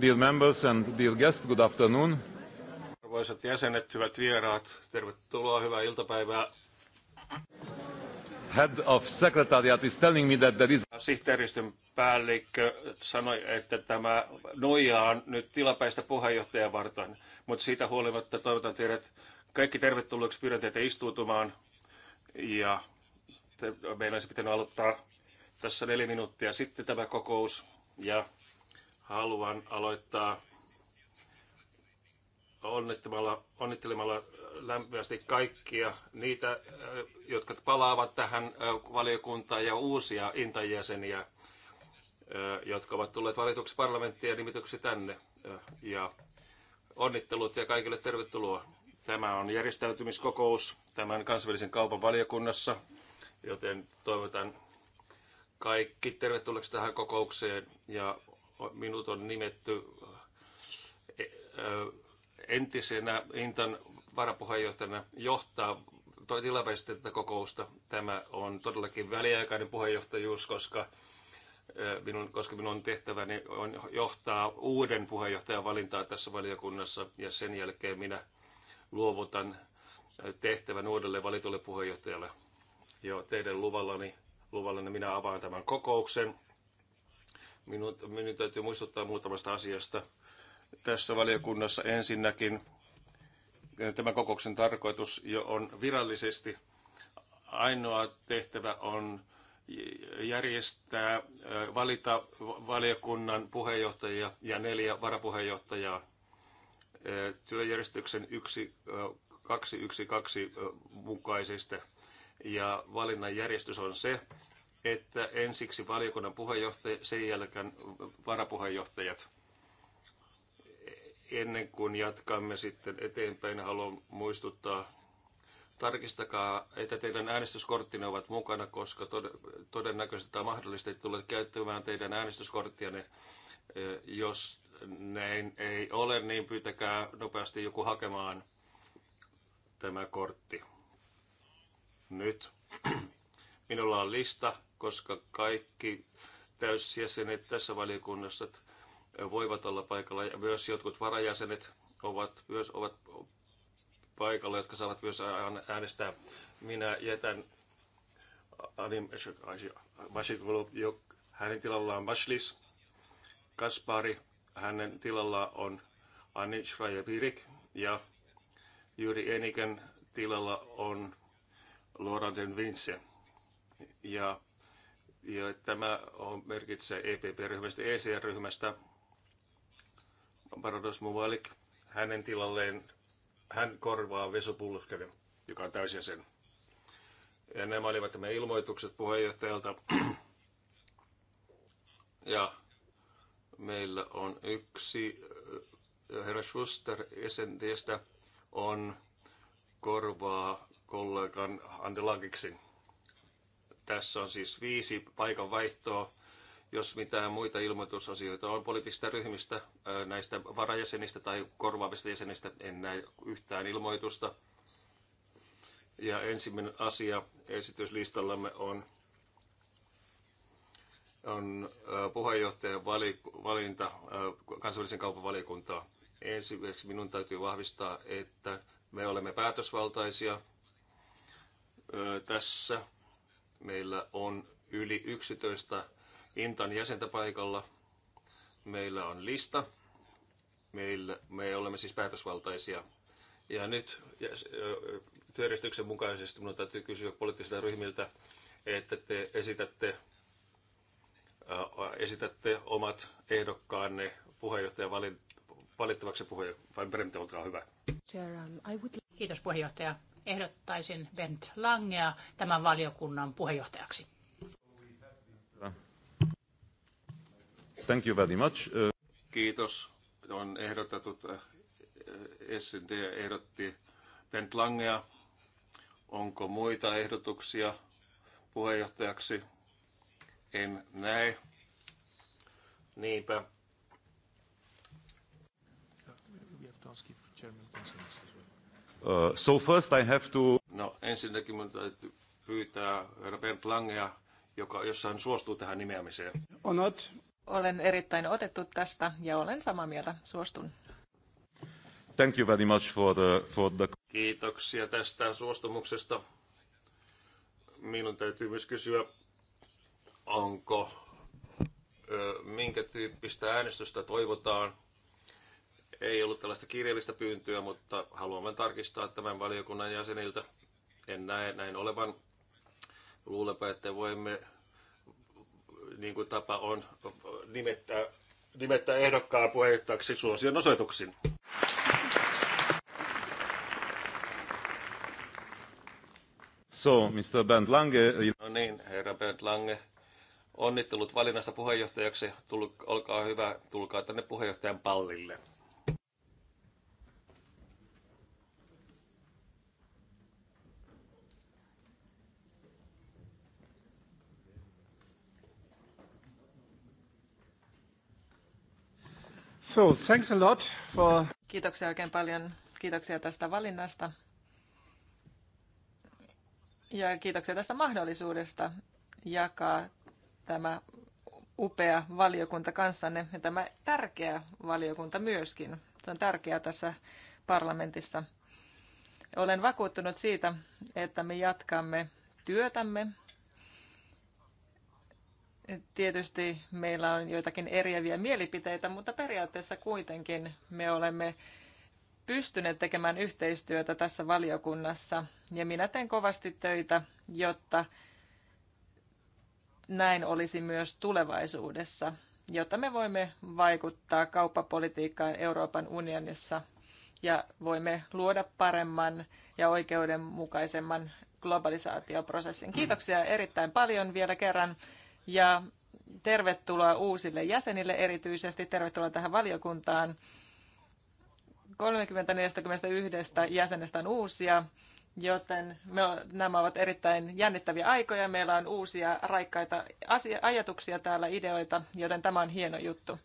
Dear members and dear guests, good afternoon. Arvoisat jäsenet, hyvät vieraat, tervetuloa, hyvää iltapäivää. Head of Secretariat is telling me that there is... Sihteeristön päällikkö sanoi, että tämä noja on nyt tilapäistä puheenjohtajaa varten, mutta siitä huolimatta toivotan teidät kaikki tervetulleeksi, pyydän teitä istuutumaan ja meillä olisi pitänyt aloittaa tässä neljä minuuttia sitten tämä kokous ja Haluan aloittaa onnittelemalla, onnittelemalla lämpimästi kaikkia niitä, jotka palaavat tähän valiokuntaan ja uusia intajäseniä, jotka ovat tulleet valituksi parlamenttiin ja nimityksi tänne. Ja onnittelut ja kaikille tervetuloa. Tämä on järjestäytymiskokous tämän kansainvälisen kaupan valiokunnassa, joten toivotan kaikki tervetulleeksi tähän kokoukseen ja minut on nimetty eh, eh, entisenä Intan varapuheenjohtajana johtaa tilapäisesti tätä kokousta. Tämä on todellakin väliaikainen puheenjohtajuus, koska eh, minun, koska minun tehtäväni on johtaa uuden puheenjohtajan valintaa tässä valiokunnassa ja sen jälkeen minä luovutan tehtävän uudelle valitulle puheenjohtajalle. Jo teidän luvallani, luvallani minä avaan tämän kokouksen. Minun, minun täytyy muistuttaa muutamasta asiasta tässä valiokunnassa. Ensinnäkin eh, tämän kokouksen tarkoitus jo on virallisesti ainoa tehtävä on järjestää, eh, valita valiokunnan puheenjohtajia ja neljä varapuheenjohtajaa eh, työjärjestyksen 212 mukaisista Ja valinnan järjestys on se, että ensiksi valiokunnan puheenjohtaja, sen jälkeen varapuheenjohtajat. Ennen kuin jatkamme sitten eteenpäin, haluan muistuttaa, tarkistakaa, että teidän äänestyskorttinne ovat mukana, koska todennäköisesti tai mahdollisesti tulet käyttämään teidän äänestyskorttianne. Jos näin ei ole, niin pyytäkää nopeasti joku hakemaan tämä kortti. Nyt minulla on lista koska kaikki täysjäsenet tässä valiokunnassa voivat olla paikalla ja myös jotkut varajäsenet ovat, myös ovat paikalla, jotka saavat myös äänestää. Minä jätän Anim Mashikulu, hänen tilallaan Mashlis, Kaspari, hänen tilallaan on Anin Shrajabirik ja Juri Eniken tilalla on Loranden Vince. Ja ja tämä on, merkitsee EPP-ryhmästä, ECR-ryhmästä. Barados Mubalik. hänen tilalleen, hän korvaa Vesu Pulkkinen, joka on täysjäsen. Ja nämä olivat nämä ilmoitukset puheenjohtajalta. ja meillä on yksi äh, herra Schuster SNDstä on korvaa kollegan Andelagiksin. Tässä on siis viisi paikan vaihtoa. Jos mitään muita ilmoitusasioita on poliittisista ryhmistä, näistä varajäsenistä tai korvaavista jäsenistä, en näe yhtään ilmoitusta. Ja ensimmäinen asia esityslistallamme on, on puheenjohtajan valinta kansainvälisen kaupan valiokuntaa. Ensimmäiseksi minun täytyy vahvistaa, että me olemme päätösvaltaisia tässä Meillä on yli 11 Intan jäsentä paikalla. Meillä on lista. Meillä, me olemme siis päätösvaltaisia. Ja nyt työjärjestyksen mukaisesti minun täytyy kysyä poliittisilta ryhmiltä, että te esitätte, esitätte omat ehdokkaanne puheenjohtajan valittavaksi puheenjohtajan. Vai olkaa hyvä. Um, Kiitos puheenjohtaja ehdottaisin Bent Langea tämän valiokunnan puheenjohtajaksi. Thank you very much. Kiitos. On ehdotettu, äh, SD ehdotti Bent Langea. Onko muita ehdotuksia puheenjohtajaksi? En näe. Niinpä. We have to ask if chairman Uh, so first I have to... No ensinnäkin minun täytyy pyytää herra Bernd Langea, joka, jos suostuu tähän nimeämiseen. Onot. Olen erittäin otettu tästä ja olen samaa mieltä. Suostun. Thank you very much for the, for the... Kiitoksia tästä suostumuksesta. Minun täytyy myös kysyä, onko minkä tyyppistä äänestystä toivotaan ei ollut tällaista kirjallista pyyntöä, mutta haluan vain tarkistaa tämän valiokunnan jäseniltä. En näe näin olevan. Luulenpa, että voimme, niin kuin tapa on, nimettää, nimettää ehdokkaan puheenjohtajaksi suosion osoituksin. So, Mr. Bernd Lange. No niin, herra Bernd Lange. Onnittelut valinnasta puheenjohtajaksi. Tulk, olkaa hyvä, tulkaa tänne puheenjohtajan pallille. So, thanks a lot for... Kiitoksia oikein paljon. Kiitoksia tästä valinnasta. Ja kiitoksia tästä mahdollisuudesta jakaa tämä upea valiokunta kanssanne ja tämä tärkeä valiokunta myöskin. Se on tärkeää tässä parlamentissa. Olen vakuuttunut siitä, että me jatkamme työtämme Tietysti meillä on joitakin eriäviä mielipiteitä, mutta periaatteessa kuitenkin me olemme pystyneet tekemään yhteistyötä tässä valiokunnassa. Ja minä teen kovasti töitä, jotta näin olisi myös tulevaisuudessa, jotta me voimme vaikuttaa kauppapolitiikkaan Euroopan unionissa ja voimme luoda paremman ja oikeudenmukaisemman globalisaatioprosessin. Kiitoksia erittäin paljon vielä kerran ja tervetuloa uusille jäsenille erityisesti, tervetuloa tähän valiokuntaan. 30-41 jäsenestä on uusia, joten me, nämä ovat erittäin jännittäviä aikoja. Meillä on uusia raikkaita asia, ajatuksia täällä, ideoita, joten tämä on hieno juttu.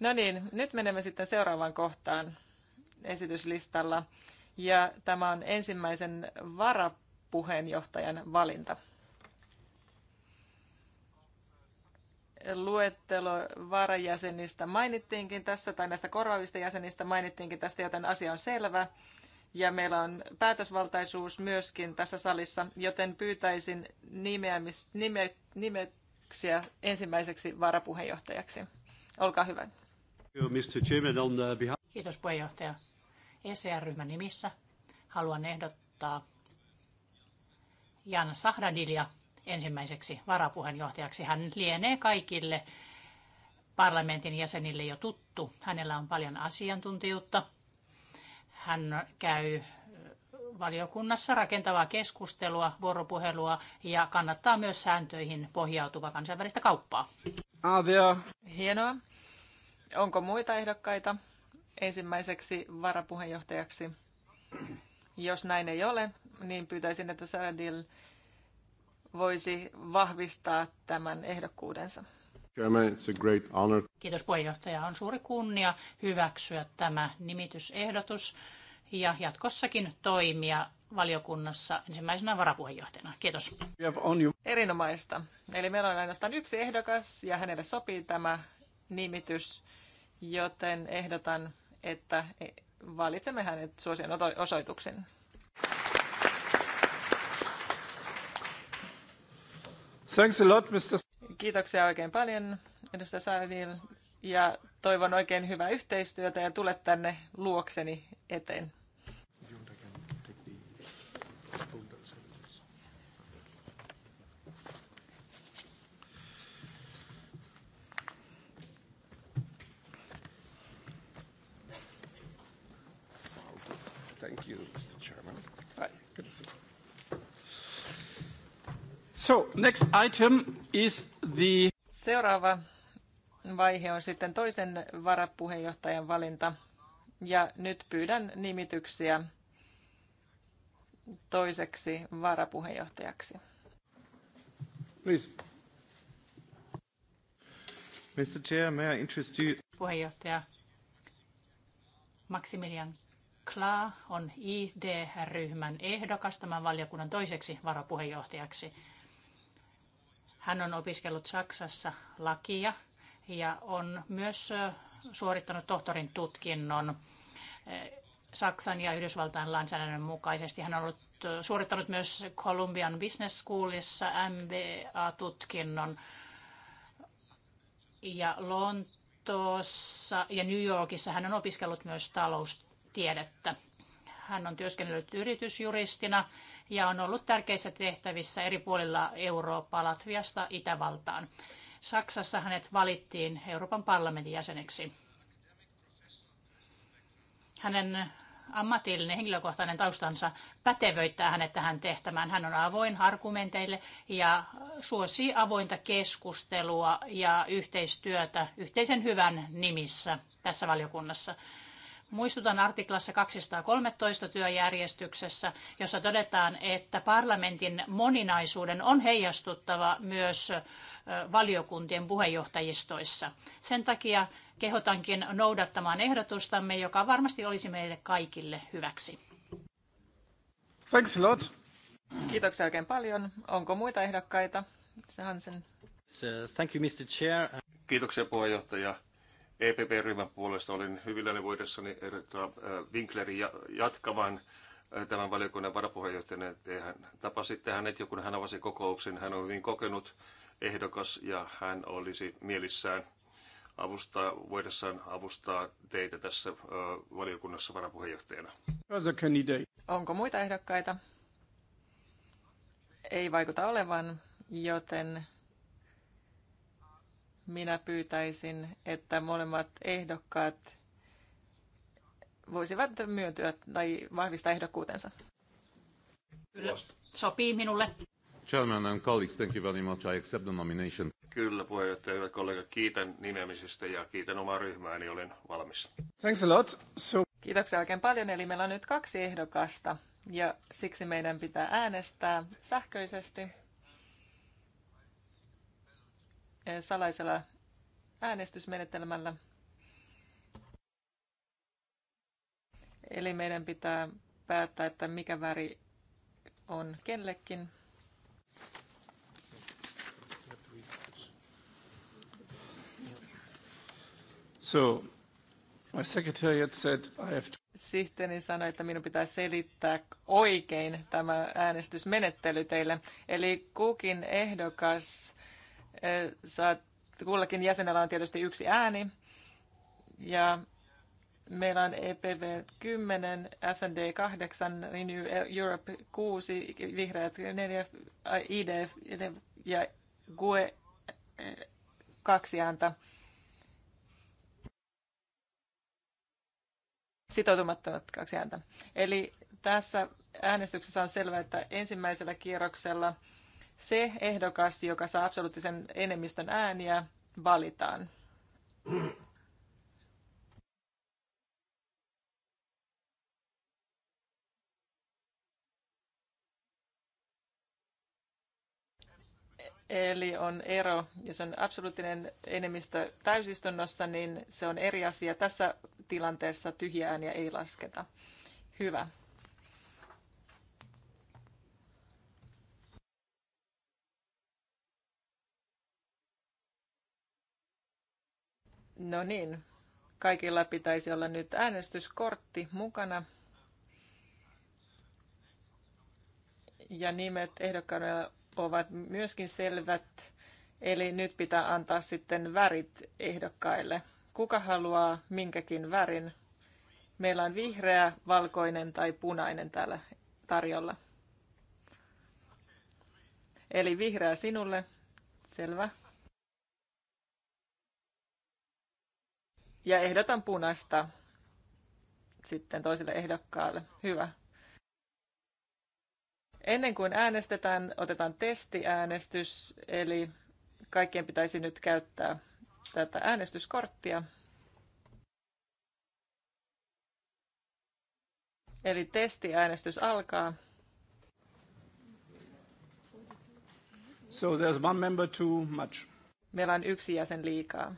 No niin, nyt menemme sitten seuraavaan kohtaan esityslistalla. Ja tämä on ensimmäisen varapuheenjohtajan valinta. luettelo varajäsenistä mainittiinkin tässä, tai näistä korvaavista jäsenistä mainittiinkin tästä, joten asia on selvä. Ja meillä on päätösvaltaisuus myöskin tässä salissa, joten pyytäisin nimeämis, nime, nimeksiä ensimmäiseksi varapuheenjohtajaksi. Olkaa hyvä. Uh, Kiitos puheenjohtaja. ECR-ryhmän nimissä haluan ehdottaa Jan Sahdadilia ensimmäiseksi varapuheenjohtajaksi. Hän lienee kaikille parlamentin jäsenille jo tuttu. Hänellä on paljon asiantuntijuutta. Hän käy valiokunnassa rakentavaa keskustelua, vuoropuhelua ja kannattaa myös sääntöihin pohjautuvaa kansainvälistä kauppaa. Avia. Hienoa. Onko muita ehdokkaita ensimmäiseksi varapuheenjohtajaksi? Jos näin ei ole, niin pyytäisin, että Saradil voisi vahvistaa tämän ehdokkuudensa. Kiitos puheenjohtaja. On suuri kunnia hyväksyä tämä nimitysehdotus ja jatkossakin toimia valiokunnassa ensimmäisenä varapuheenjohtajana. Kiitos. Erinomaista. Eli meillä on ainoastaan yksi ehdokas ja hänelle sopii tämä nimitys, joten ehdotan, että valitsemme hänet suosion osoituksen. Thanks a lot, Mr. Kiitoksia oikein paljon, edustaja Saariniil. Ja toivon oikein hyvää yhteistyötä ja tule tänne luokseni eteen. next item is the... Seuraava vaihe on sitten toisen varapuheenjohtajan valinta. Ja nyt pyydän nimityksiä toiseksi varapuheenjohtajaksi. Please. Mr. Chair, may I you... Puheenjohtaja Maximilian Kla on ID-ryhmän ehdokas tämän valiokunnan toiseksi varapuheenjohtajaksi. Hän on opiskellut Saksassa lakia ja on myös suorittanut tohtorin tutkinnon Saksan ja Yhdysvaltain lainsäädännön mukaisesti. Hän on ollut, suorittanut myös Columbian Business Schoolissa MBA-tutkinnon ja Lontoossa ja New Yorkissa hän on opiskellut myös taloustiedettä. Hän on työskennellyt yritysjuristina ja on ollut tärkeissä tehtävissä eri puolilla Eurooppaa Latviasta Itävaltaan. Saksassa hänet valittiin Euroopan parlamentin jäseneksi. Hänen ammatillinen henkilökohtainen taustansa pätevöittää hänet tähän tehtävään. Hän on avoin argumenteille ja suosii avointa keskustelua ja yhteistyötä yhteisen hyvän nimissä tässä valiokunnassa. Muistutan artiklassa 213 työjärjestyksessä, jossa todetaan, että parlamentin moninaisuuden on heijastuttava myös valiokuntien puheenjohtajistoissa. Sen takia kehotankin noudattamaan ehdotustamme, joka varmasti olisi meille kaikille hyväksi. Thanks a lot. Kiitoksia oikein paljon. Onko muita ehdokkaita? Se Hansen. thank you, Mr. Chair. Kiitoksia puheenjohtaja. EPP-ryhmän puolesta olin hyvilläni voidessani ehdottaa äh, Winklerin jatkamaan äh, tämän valiokunnan varapuheenjohtajana. Hän tapasi hänet jo, kun hän avasi kokouksen. Hän on hyvin kokenut ehdokas ja hän olisi mielissään avustaa, voidessaan avustaa teitä tässä äh, valiokunnassa varapuheenjohtajana. Onko muita ehdokkaita? Ei vaikuta olevan, joten minä pyytäisin, että molemmat ehdokkaat voisivat myöntyä tai vahvistaa ehdokkuutensa. Kyllä, sopii minulle. Chairman and colleagues, thank you very much. I accept the nomination. Kyllä, puheenjohtaja, hyvä kollega. Kiitän nimeämisestä ja kiitän omaa ryhmääni. Niin olen valmis. Thanks a lot. So... Kiitoksia oikein paljon. Eli meillä on nyt kaksi ehdokasta ja siksi meidän pitää äänestää sähköisesti salaisella äänestysmenetelmällä. Eli meidän pitää päättää, että mikä väri on kellekin. So, my secretariat said I have to... Sihteeni sanoi, että minun pitää selittää oikein tämä äänestysmenettely teille. Eli kukin ehdokas saat, kullakin jäsenellä on tietysti yksi ääni. Ja meillä on EPV 10, SND 8, Renew Europe 6, Vihreät 4, ID ja GUE 2 ääntä. Sitoutumattomat kaksi ääntä. Eli tässä äänestyksessä on selvää, että ensimmäisellä kierroksella – se ehdokas, joka saa absoluuttisen enemmistön ääniä, valitaan. Eli on ero, jos on absoluuttinen enemmistö täysistunnossa, niin se on eri asia. Tässä tilanteessa tyhjää ääniä ei lasketa. Hyvä. No niin, kaikilla pitäisi olla nyt äänestyskortti mukana. Ja nimet ehdokkaille ovat myöskin selvät, eli nyt pitää antaa sitten värit ehdokkaille. Kuka haluaa minkäkin värin? Meillä on vihreä, valkoinen tai punainen täällä tarjolla. Eli vihreä sinulle, selvä. Ja ehdotan punaista sitten toiselle ehdokkaalle. Hyvä. Ennen kuin äänestetään, otetaan testiäänestys, eli kaikkien pitäisi nyt käyttää tätä äänestyskorttia. Eli testiäänestys alkaa. So there's one member too much. Meillä on yksi jäsen liikaa.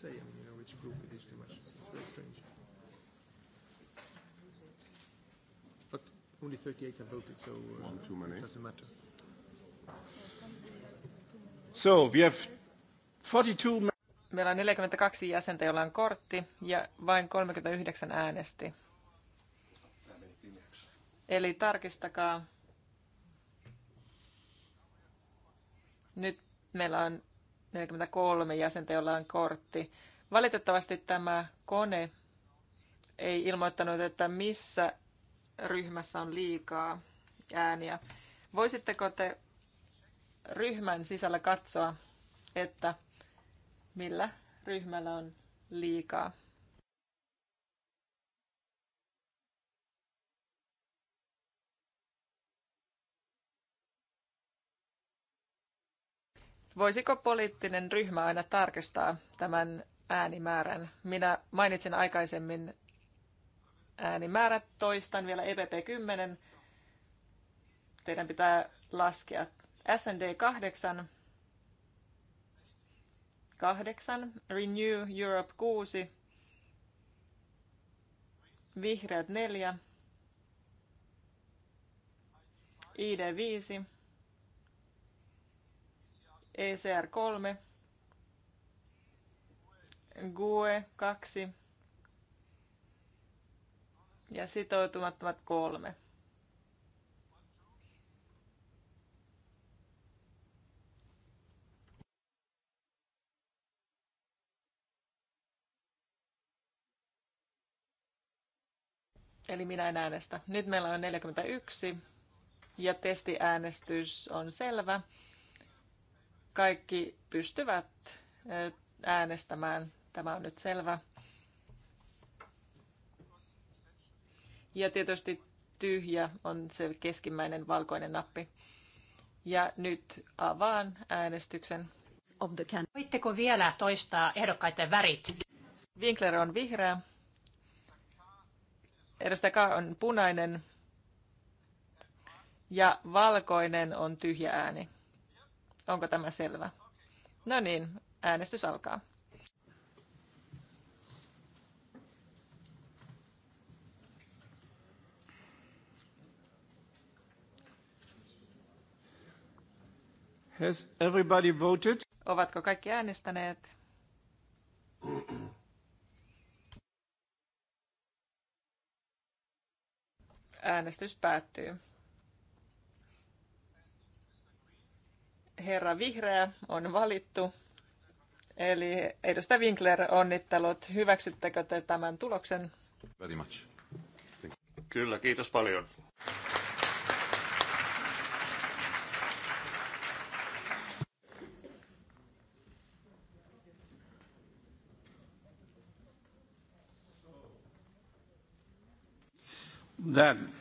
say, I mean, you know, which group it is too much. It's very strange. But only 38 have voted, so uh, One too many. it doesn't matter. So, we have 42... Meillä on 42 jäsentä, joilla on kortti, ja vain 39 äänesti. Eli tarkistakaa. Nyt meillä on 43 jäsentä, jolla on kortti. Valitettavasti tämä kone ei ilmoittanut, että missä ryhmässä on liikaa ääniä. Voisitteko te ryhmän sisällä katsoa, että millä ryhmällä on liikaa Voisiko poliittinen ryhmä aina tarkistaa tämän äänimäärän? Minä mainitsin aikaisemmin äänimäärät, toistan vielä EPP 10. Teidän pitää laskea SND 8, 8, Renew Europe 6, Vihreät 4, ID 5, ECR 3, GUE 2 ja sitoutumattomat 3. Eli minä en äänestä. Nyt meillä on 41 ja testiäänestys on selvä kaikki pystyvät äänestämään. Tämä on nyt selvä. Ja tietysti tyhjä on se keskimmäinen valkoinen nappi. Ja nyt avaan äänestyksen. Voitteko vielä toistaa ehdokkaiden värit? Winkler on vihreä. Edustaja K on punainen. Ja valkoinen on tyhjä ääni. Onko tämä selvä? No niin, äänestys alkaa. Has everybody voted? Ovatko kaikki äänestäneet? Äänestys päättyy. herra Vihreä on valittu. Eli edustaja Winkler, onnittelut. Hyväksyttekö te tämän tuloksen? Very much. Kyllä, kiitos paljon. Then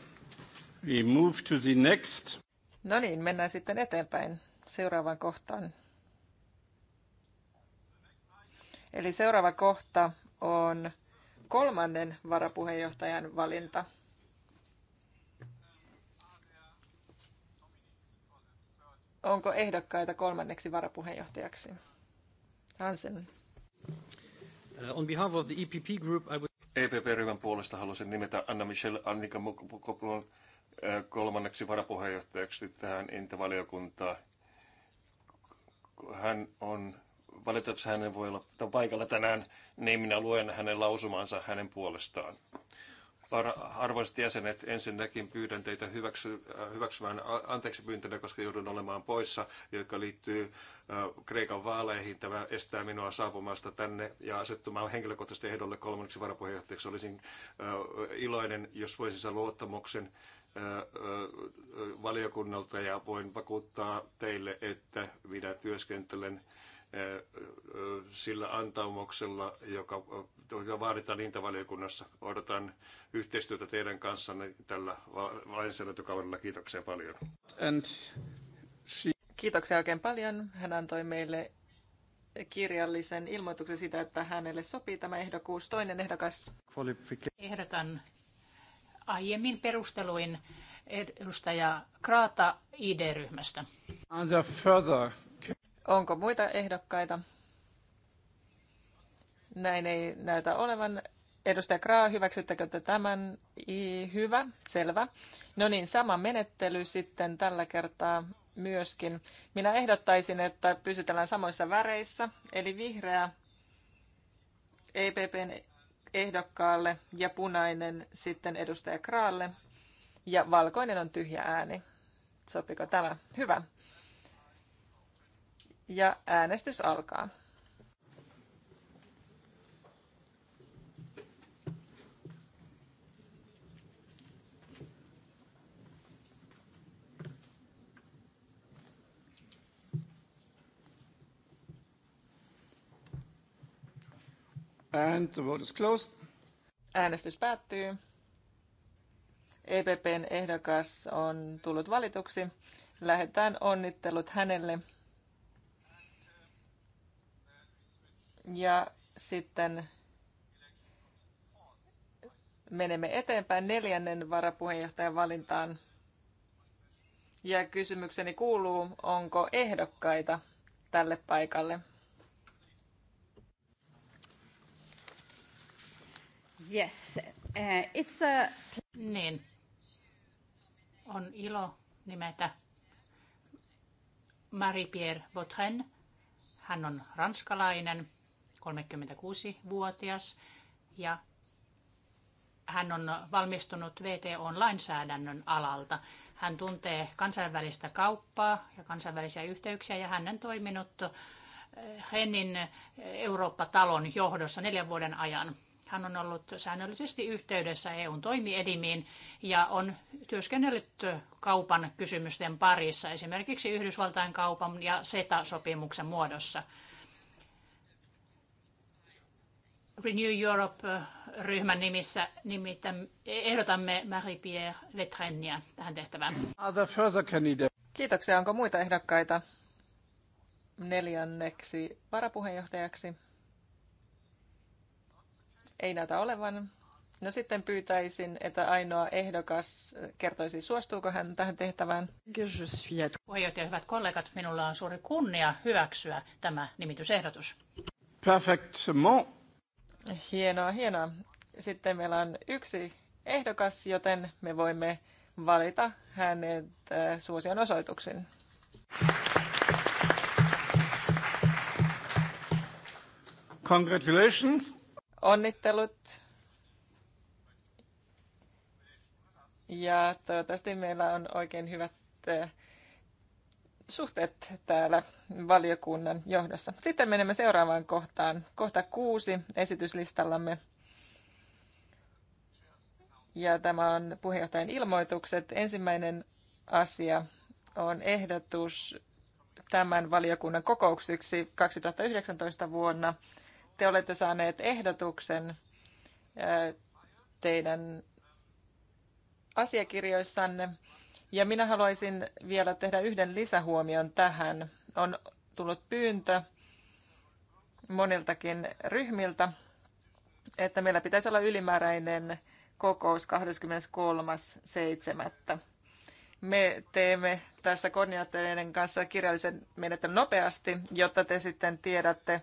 we move to the next. No niin, mennään sitten eteenpäin seuraavaan kohtaan. Eli seuraava kohta on kolmannen varapuheenjohtajan valinta. Onko ehdokkaita kolmanneksi varapuheenjohtajaksi? Hansen. Uh, on behalf of the EPP group, I would... EPP-ryhmän puolesta haluaisin nimetä Anna-Michelle Annika Mukopulon kolmanneksi varapuheenjohtajaksi tähän intavaliokuntaan hän on, valitettavasti hänen voi olla paikalla tänään, niin minä luen hänen lausumansa hänen puolestaan. Arvoisat jäsenet, ensinnäkin pyydän teitä hyväksy, äh, hyväksymään anteeksi pyyntönä, koska joudun olemaan poissa, joka liittyy äh, Kreikan vaaleihin. Tämä estää minua saapumasta tänne ja asettumaan henkilökohtaisesti ehdolle kolmanneksi varapuheenjohtajaksi. Olisin äh, iloinen, jos voisin saada luottamuksen valiokunnalta ja voin vakuuttaa teille, että minä työskentelen sillä antaumuksella, joka, vaaditaan intavaliokunnassa. Odotan yhteistyötä teidän kanssanne tällä lainsäädäntökaudella. Kiitoksia paljon. And she... Kiitoksia oikein paljon. Hän antoi meille kirjallisen ilmoituksen siitä, että hänelle sopii tämä ehdokkuus. Toinen ehdokas. Ehdotan aiemmin perusteluin edustaja Kraata ID-ryhmästä. Onko muita ehdokkaita? Näin ei näytä olevan. Edustaja Kraa, hyväksyttekö te tämän? I, hyvä, selvä. No niin, sama menettely sitten tällä kertaa myöskin. Minä ehdottaisin, että pysytellään samoissa väreissä, eli vihreä, EPPn ehdokkaalle ja punainen sitten edustaja Kraalle ja valkoinen on tyhjä ääni. Sopiko tämä? Hyvä. Ja äänestys alkaa. And the vote is closed. Äänestys päättyy. EPPn ehdokas on tullut valituksi. Lähetään onnittelut hänelle. Ja sitten menemme eteenpäin neljännen varapuheenjohtajan valintaan. Ja kysymykseni kuuluu, onko ehdokkaita tälle paikalle? Yes, uh, it's a... Niin, on ilo nimetä Marie-Pierre Botren. Hän on ranskalainen, 36-vuotias ja hän on valmistunut VTOn lainsäädännön alalta. Hän tuntee kansainvälistä kauppaa ja kansainvälisiä yhteyksiä ja hän on toiminut Hennin Eurooppa-talon johdossa neljän vuoden ajan. Hän on ollut säännöllisesti yhteydessä EUn toimielimiin ja on työskennellyt kaupan kysymysten parissa, esimerkiksi Yhdysvaltain kaupan ja SETA-sopimuksen muodossa. Renew Europe-ryhmän nimissä nimittäin ehdotamme Marie-Pierre Vetrenia tähän tehtävään. Kiitoksia. Onko muita ehdokkaita neljänneksi varapuheenjohtajaksi? Ei näytä olevan. No sitten pyytäisin, että ainoa ehdokas kertoisi, suostuuko hän tähän tehtävään. Puheenjohtaja, hyvät kollegat, minulla on suuri kunnia hyväksyä tämä nimitysehdotus. Perfectement. Hienoa, hienoa. Sitten meillä on yksi ehdokas, joten me voimme valita hänet äh, suosion osoituksen. Congratulations. Onnittelut. Ja toivottavasti meillä on oikein hyvät eh, suhteet täällä valiokunnan johdossa. Sitten menemme seuraavaan kohtaan. Kohta kuusi esityslistallamme. Ja tämä on puheenjohtajan ilmoitukset. Ensimmäinen asia on ehdotus tämän valiokunnan kokouksiksi 2019 vuonna – te olette saaneet ehdotuksen teidän asiakirjoissanne. Ja minä haluaisin vielä tehdä yhden lisähuomion tähän. On tullut pyyntö moniltakin ryhmiltä, että meillä pitäisi olla ylimääräinen kokous 23.7. Me teemme tässä koordinaattoreiden kanssa kirjallisen menettelyn nopeasti, jotta te sitten tiedätte,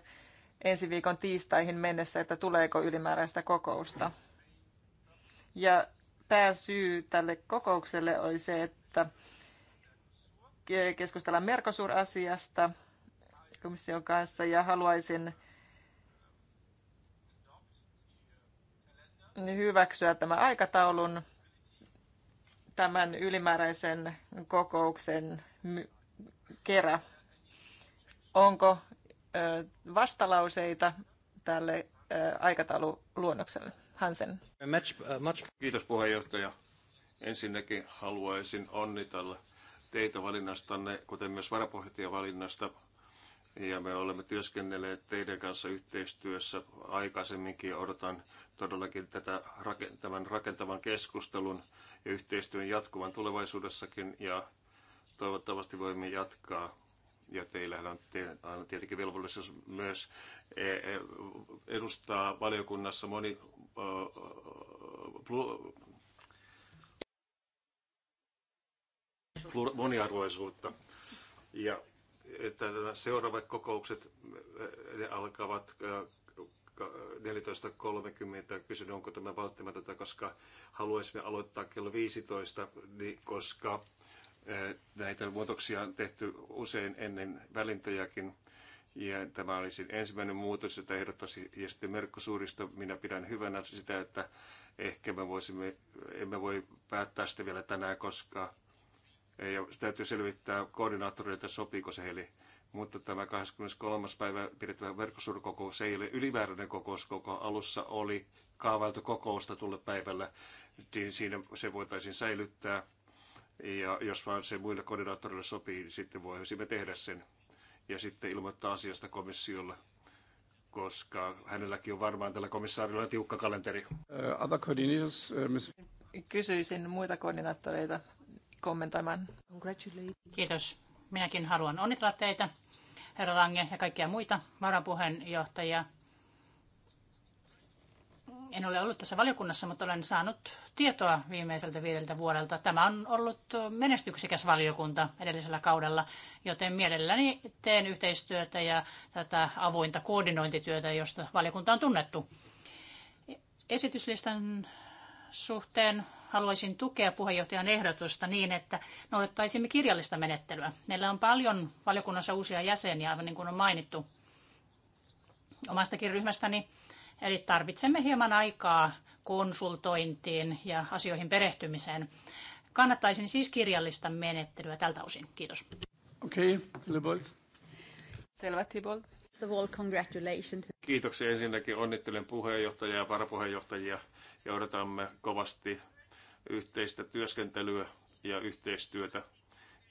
ensi viikon tiistaihin mennessä, että tuleeko ylimääräistä kokousta. Ja pääsyy tälle kokoukselle oli se, että keskustellaan Mercosur-asiasta komission kanssa ja haluaisin hyväksyä tämän aikataulun tämän ylimääräisen kokouksen kerä. Onko vastalauseita tälle aikataululuonnokselle. Hansen. Kiitos puheenjohtaja. Ensinnäkin haluaisin onnitella teitä valinnastanne, kuten myös varapuheenjohtajan valinnasta. Ja me olemme työskennelleet teidän kanssa yhteistyössä aikaisemminkin. Odotan todellakin tätä, tämän rakentavan keskustelun ja yhteistyön jatkuvan tulevaisuudessakin. Ja toivottavasti voimme jatkaa ja teillähän on, on tietenkin velvollisuus myös e-, e-, edustaa valiokunnassa moni moniarvoisuutta. Ja että seuraavat kokoukset ne e-, alkavat 14.30. Kysyn, onko tämä välttämätöntä, koska haluaisimme aloittaa kello 15, niin koska Näitä muutoksia on tehty usein ennen välintöjäkin. Ja tämä oli siis ensimmäinen muutos, jota ehdottaisin. Ja sitten Merkkosuurista minä pidän hyvänä sitä, että ehkä me voisimme, emme voi päättää sitä vielä tänään, koska ja täytyy selvittää koordinaattorille, että sopiiko se heille. Mutta tämä 23. päivä pidettävä verkkosuurikokous ei ole ylimääräinen kokous, koko alussa oli kaavailtu kokousta tulle päivällä, niin siinä se voitaisiin säilyttää. Ja jos vaan se muille koordinaattoreille sopii, niin sitten voisimme tehdä sen ja sitten ilmoittaa asiasta komissiolle, koska hänelläkin on varmaan tällä komissaarilla tiukka kalenteri. Äh, äh, Kysyisin muita koordinaattoreita kommentoimaan. Kiitos. Minäkin haluan onnitella teitä, herra Lange ja kaikkia muita varapuheenjohtajia en ole ollut tässä valiokunnassa, mutta olen saanut tietoa viimeiseltä viideltä vuodelta. Tämä on ollut menestyksikäs valiokunta edellisellä kaudella, joten mielelläni teen yhteistyötä ja tätä avointa koordinointityötä, josta valiokunta on tunnettu. Esityslistan suhteen haluaisin tukea puheenjohtajan ehdotusta niin, että noudattaisimme kirjallista menettelyä. Meillä on paljon valiokunnassa uusia jäseniä, aivan niin kuin on mainittu omastakin ryhmästäni. Niin Eli tarvitsemme hieman aikaa konsultointiin ja asioihin perehtymiseen. Kannattaisin siis kirjallista menettelyä tältä osin. Kiitos. Okei, okay, Thibault. all congratulations. Kiitoksia ensinnäkin. Onnittelen puheenjohtajia ja varapuheenjohtajia ja odotamme kovasti yhteistä työskentelyä ja yhteistyötä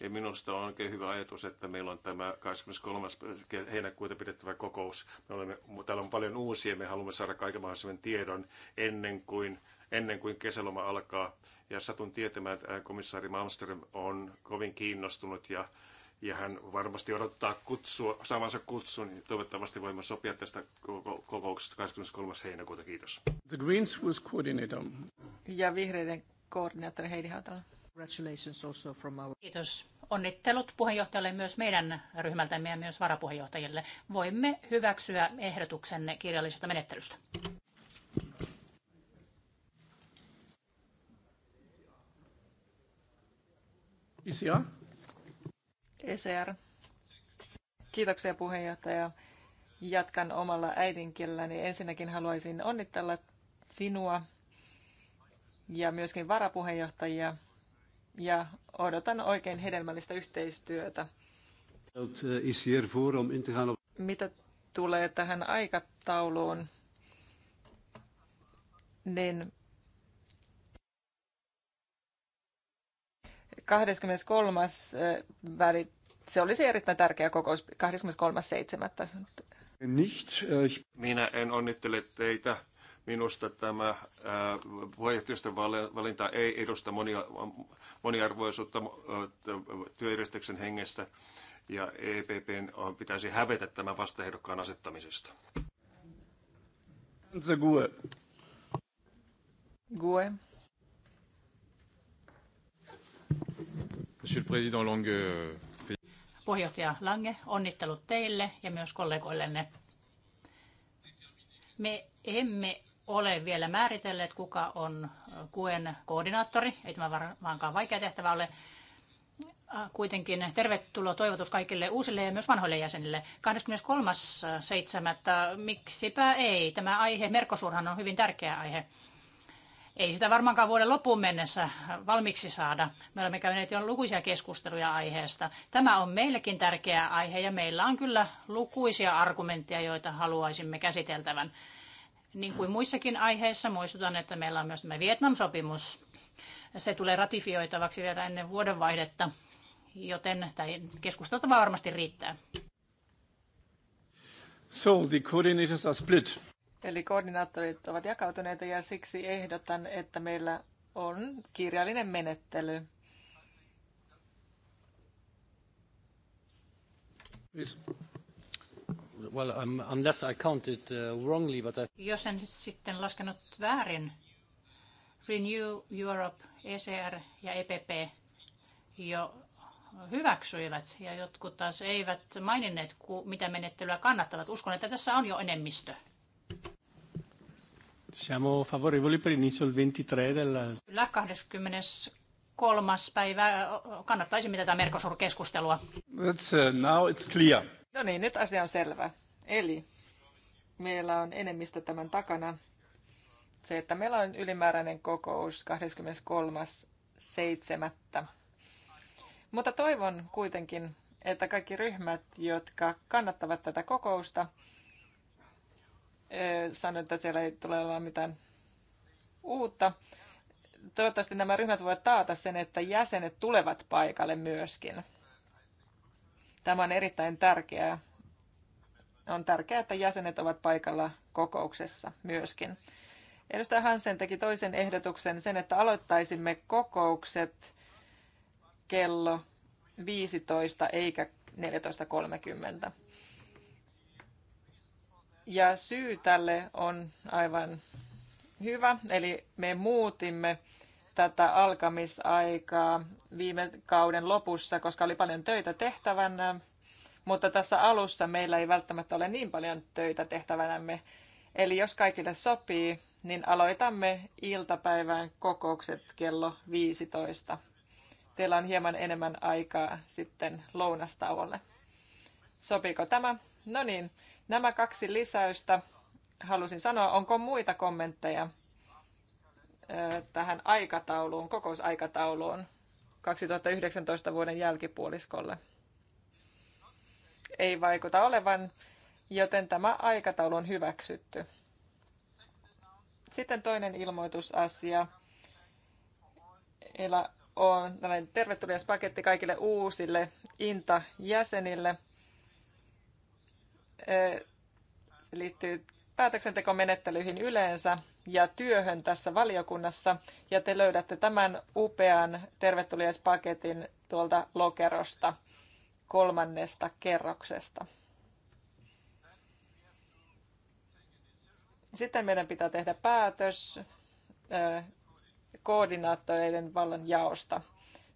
ja minusta on oikein hyvä ajatus, että meillä on tämä 23. heinäkuuta pidettävä kokous. Me olemme, täällä on paljon uusia, me haluamme saada kaiken mahdollisen tiedon ennen kuin, ennen kuin kesäloma alkaa. Ja satun tietämään, että komissaari Malmström on kovin kiinnostunut ja, ja hän varmasti odottaa kutsua, saamansa kutsun. Toivottavasti voimme sopia tästä kokouksesta 23. heinäkuuta. Kiitos. The Greens was coordinator. Ja vihreiden koordinaattori Heidi Hautala. Kiitos. Onnittelut puheenjohtajalle myös meidän ryhmältämme ja myös varapuheenjohtajille. Voimme hyväksyä ehdotuksenne kirjallisesta menettelystä. Isia? ECR. Kiitoksia puheenjohtaja. Jatkan omalla äidinkielelläni. Ensinnäkin haluaisin onnitella sinua ja myöskin varapuheenjohtajia ja odotan oikein hedelmällistä yhteistyötä. Eh, Mitä tulee tähän aikatauluun, niin 23. Eh, väli. se olisi erittäin tärkeä kokous 23.7. Eh, Minä en onnittele teitä Minusta tämä äh, puheenjohtajisten valinta ei edusta monia, moniarvoisuutta äh, työjärjestyksen hengestä ja EPP äh, pitäisi hävetä tämän vastaehdokkaan asettamisesta. Se GUE. GUE. Monsieur le Président Lange. Euh, Puheenjohtaja Lange, onnittelut teille ja myös kollegoillenne. Me emme ole vielä määritelleet, kuka on kuen koordinaattori. Ei tämä varmaankaan vaikea tehtävä ole. Äh, kuitenkin tervetuloa toivotus kaikille uusille ja myös vanhoille jäsenille. 23.7. Miksipä ei? Tämä aihe, Merkosurhan on hyvin tärkeä aihe. Ei sitä varmaankaan vuoden loppuun mennessä valmiiksi saada. Me olemme käyneet jo lukuisia keskusteluja aiheesta. Tämä on meillekin tärkeä aihe ja meillä on kyllä lukuisia argumentteja, joita haluaisimme käsiteltävän. Niin kuin muissakin aiheissa, muistutan, että meillä on myös tämä Vietnam-sopimus. Se tulee ratifioitavaksi vielä ennen vuodenvaihdetta, joten keskusteltavaa varmasti riittää. So the coordinators are split. Eli koordinaattorit ovat jakautuneita ja siksi ehdotan, että meillä on kirjallinen menettely. Please well, um, unless I counted uh, wrongly, but I... Jos en siis sitten laskenut väärin, Renew Europe, ECR ja EPP jo hyväksyivät ja jotkut taas eivät maininneet, mitä menettelyä kannattavat. Uskon, että tässä on jo enemmistö. Siamo favorevoli per inizio il 23 della... Kyllä 23. päivä kannattaisi mitä tämä Mercosur-keskustelua. That's, uh, now it's clear. No niin, nyt asia on selvä. Eli meillä on enemmistö tämän takana. Se, että meillä on ylimääräinen kokous 23.7. Mutta toivon kuitenkin, että kaikki ryhmät, jotka kannattavat tätä kokousta, sanon, että siellä ei tule olemaan mitään uutta. Toivottavasti nämä ryhmät voivat taata sen, että jäsenet tulevat paikalle myöskin. Tämä on erittäin tärkeää. On tärkeää, että jäsenet ovat paikalla kokouksessa myöskin. Edustaja Hansen teki toisen ehdotuksen sen, että aloittaisimme kokoukset kello 15 eikä 14.30. Ja syy tälle on aivan hyvä, eli me muutimme tätä alkamisaikaa viime kauden lopussa, koska oli paljon töitä tehtävänä, mutta tässä alussa meillä ei välttämättä ole niin paljon töitä tehtävänämme. Eli jos kaikille sopii, niin aloitamme iltapäivän kokoukset kello 15. Teillä on hieman enemmän aikaa sitten lounastauolle. Sopiiko tämä? No niin, nämä kaksi lisäystä halusin sanoa. Onko muita kommentteja? tähän aikatauluun, kokousaikatauluun 2019 vuoden jälkipuoliskolle. Ei vaikuta olevan, joten tämä aikataulu on hyväksytty. Sitten toinen ilmoitusasia. Meillä on tällainen tervetulias paketti kaikille uusille INTA-jäsenille. Se liittyy päätöksentekomenettelyihin yleensä ja työhön tässä valiokunnassa. Ja te löydätte tämän upean tervetuliaispaketin tuolta lokerosta kolmannesta kerroksesta. Sitten meidän pitää tehdä päätös koordinaattoreiden vallan jaosta.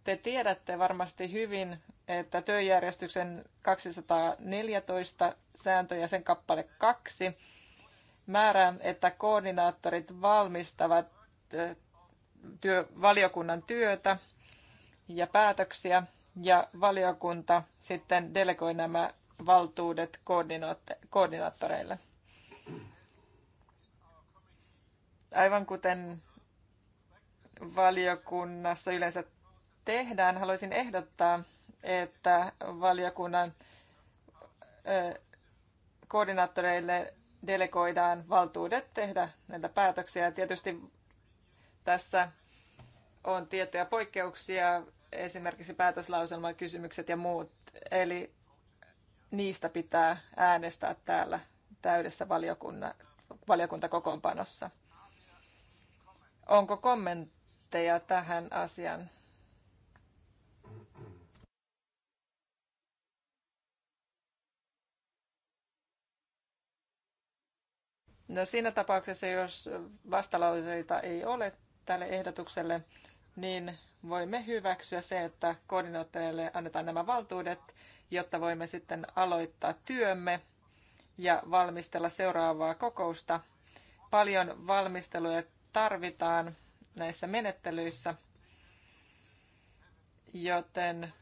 Te tiedätte varmasti hyvin, että työjärjestyksen 214 sääntö ja sen kappale 2 määrään, että koordinaattorit valmistavat työ, valiokunnan työtä ja päätöksiä ja valiokunta sitten delegoi nämä valtuudet koordinaattoreille. Aivan kuten valiokunnassa yleensä tehdään, haluaisin ehdottaa, että valiokunnan koordinaattoreille delegoidaan valtuudet tehdä näitä päätöksiä. Tietysti tässä on tiettyjä poikkeuksia, esimerkiksi kysymykset ja muut. Eli niistä pitää äänestää täällä täydessä valiokunna, valiokuntakokoonpanossa. Onko kommentteja tähän asian No siinä tapauksessa, jos vastalauseita ei ole tälle ehdotukselle, niin voimme hyväksyä se, että koordinaattoreille annetaan nämä valtuudet, jotta voimme sitten aloittaa työmme ja valmistella seuraavaa kokousta. Paljon valmisteluja tarvitaan näissä menettelyissä, joten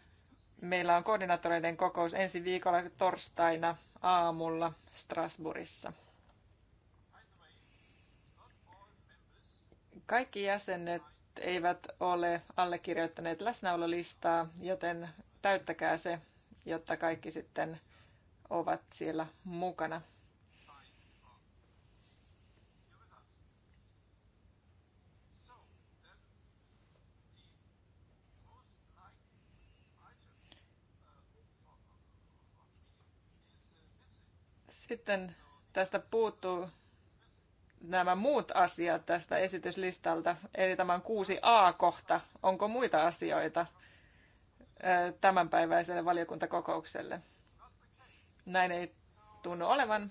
meillä on koordinaattoreiden kokous ensi viikolla torstaina aamulla Strasbourgissa. Kaikki jäsenet eivät ole allekirjoittaneet läsnäololistaa, joten täyttäkää se, jotta kaikki sitten ovat siellä mukana. Sitten tästä puuttuu nämä muut asiat tästä esityslistalta, eli tämän 6a-kohta. Onko muita asioita tämänpäiväiselle valiokuntakokoukselle? Näin ei tunnu olevan.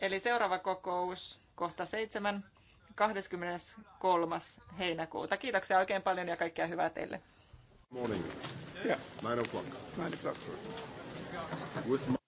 Eli seuraava kokous, kohta 7, 23. heinäkuuta. Kiitoksia oikein paljon ja kaikkea hyvää teille. Morning. Yeah. Nine o'clock. Nine o'clock.